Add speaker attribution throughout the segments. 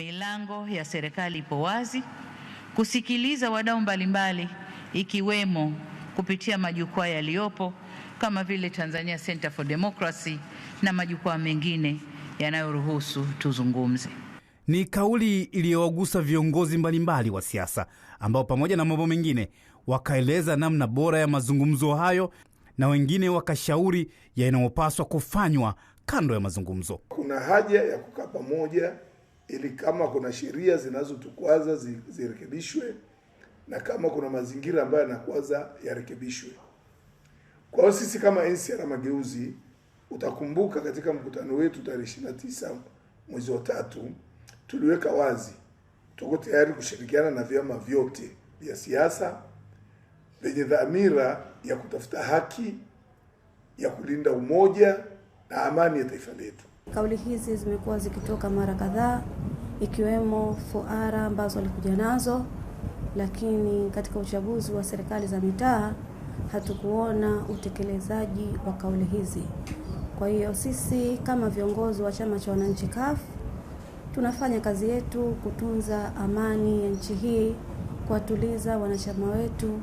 Speaker 1: Milango ya serikali ipo wazi kusikiliza wadau mbalimbali, ikiwemo kupitia majukwaa yaliyopo kama vile Tanzania Center for Democracy na majukwaa mengine yanayoruhusu tuzungumze.
Speaker 2: Ni kauli iliyowagusa viongozi mbalimbali wa siasa ambao pamoja na mambo mengine wakaeleza namna bora ya mazungumzo hayo na wengine wakashauri yanayopaswa kufanywa kando ya mazungumzo.
Speaker 3: Kuna haja ya kukaa pamoja ili kama kuna sheria zinazotukwaza zirekebishwe na kama kuna mazingira ambayo yanakwaza yarekebishwe. Kwa hiyo sisi kama NCCR Mageuzi, utakumbuka katika mkutano wetu tarehe ishirini na tisa mwezi wa tatu tuliweka wazi tuko tayari kushirikiana na vyama vyote vya siasa vyenye dhamira ya kutafuta haki ya kulinda umoja na amani ya taifa letu.
Speaker 4: Kauli hizi zimekuwa zikitoka mara kadhaa, ikiwemo fuara ambazo walikuja nazo, lakini katika uchaguzi wa serikali za mitaa hatukuona utekelezaji wa kauli hizi. Kwa hiyo sisi kama viongozi wa chama cha wananchi CUF tunafanya kazi yetu kutunza amani ya nchi hii, kuwatuliza wanachama wetu,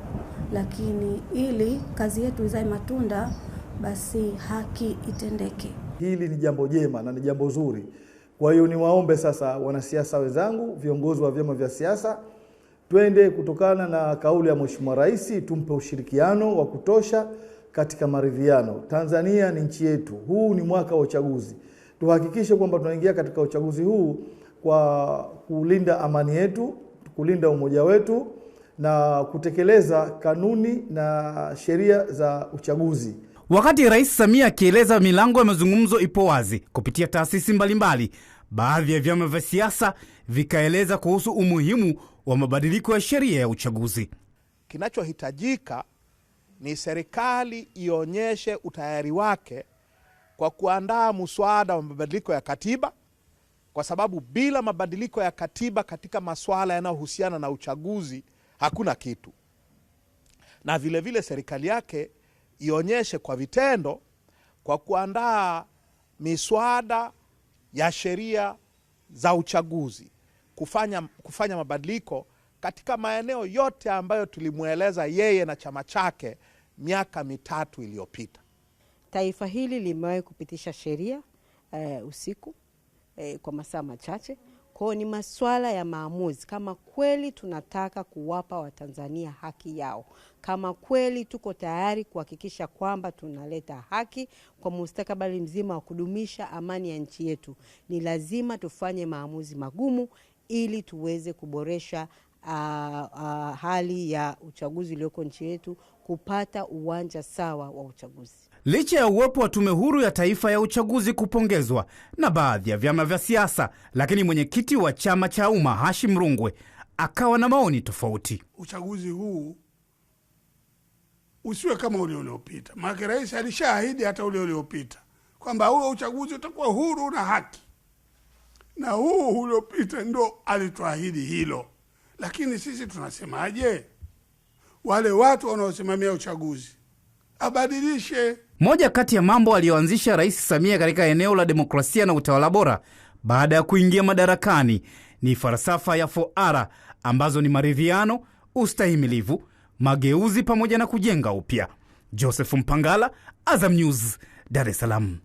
Speaker 4: lakini ili kazi yetu izae matunda, basi haki itendeke.
Speaker 5: Hili ni jambo jema na ni jambo zuri. Kwa hiyo niwaombe sasa wanasiasa wenzangu, viongozi wa vyama vya siasa, twende kutokana na kauli ya Mheshimiwa Rais, tumpe ushirikiano wa kutosha katika maridhiano. Tanzania ni nchi yetu, huu ni mwaka wa uchaguzi. Tuhakikishe kwamba tunaingia katika uchaguzi huu kwa kulinda amani yetu, kulinda umoja wetu na kutekeleza kanuni na sheria za uchaguzi.
Speaker 2: Wakati Rais Samia akieleza milango ya mazungumzo ipo wazi kupitia taasisi mbalimbali, baadhi ya vyama vya siasa vikaeleza kuhusu umuhimu wa mabadiliko ya sheria ya uchaguzi.
Speaker 6: Kinachohitajika ni serikali ionyeshe utayari wake kwa kuandaa muswada wa mabadiliko ya katiba, kwa sababu bila mabadiliko ya katiba katika masuala yanayohusiana na uchaguzi hakuna kitu, na vilevile vile serikali yake ionyeshe kwa vitendo kwa kuandaa miswada ya sheria za uchaguzi, kufanya, kufanya mabadiliko katika maeneo yote ambayo tulimweleza yeye na chama chake miaka mitatu iliyopita.
Speaker 7: Taifa hili limewahi kupitisha sheria uh, usiku uh, kwa masaa machache kwa ni masuala ya maamuzi, kama kweli tunataka kuwapa Watanzania haki yao, kama kweli tuko tayari kuhakikisha kwamba tunaleta haki kwa mustakabali mzima wa kudumisha amani ya nchi yetu, ni lazima tufanye maamuzi magumu ili tuweze kuboresha uh, uh, hali ya uchaguzi ulioko nchi yetu kupata uwanja sawa wa uchaguzi.
Speaker 2: Licha ya uwepo wa Tume Huru ya Taifa ya Uchaguzi kupongezwa na baadhi ya vyama vya siasa, lakini mwenyekiti wa chama cha Umma Hashim Rungwe akawa na maoni tofauti.
Speaker 8: Uchaguzi huu usiwe kama ule uliopita, maanake rais alishaahidi hata ule uliopita kwamba huo uchaguzi utakuwa huru na haki, na huu uliopita ndo alituahidi hilo. Lakini sisi tunasemaje? Wale watu wanaosimamia uchaguzi abadilishe.
Speaker 2: Moja kati ya mambo aliyoanzisha Rais Samia katika eneo la demokrasia na utawala bora baada ya kuingia madarakani ni falsafa ya foara ambazo ni maridhiano, ustahimilivu, mageuzi pamoja na kujenga upya. Joseph Mpangala, Azam News, Dar es Salaam.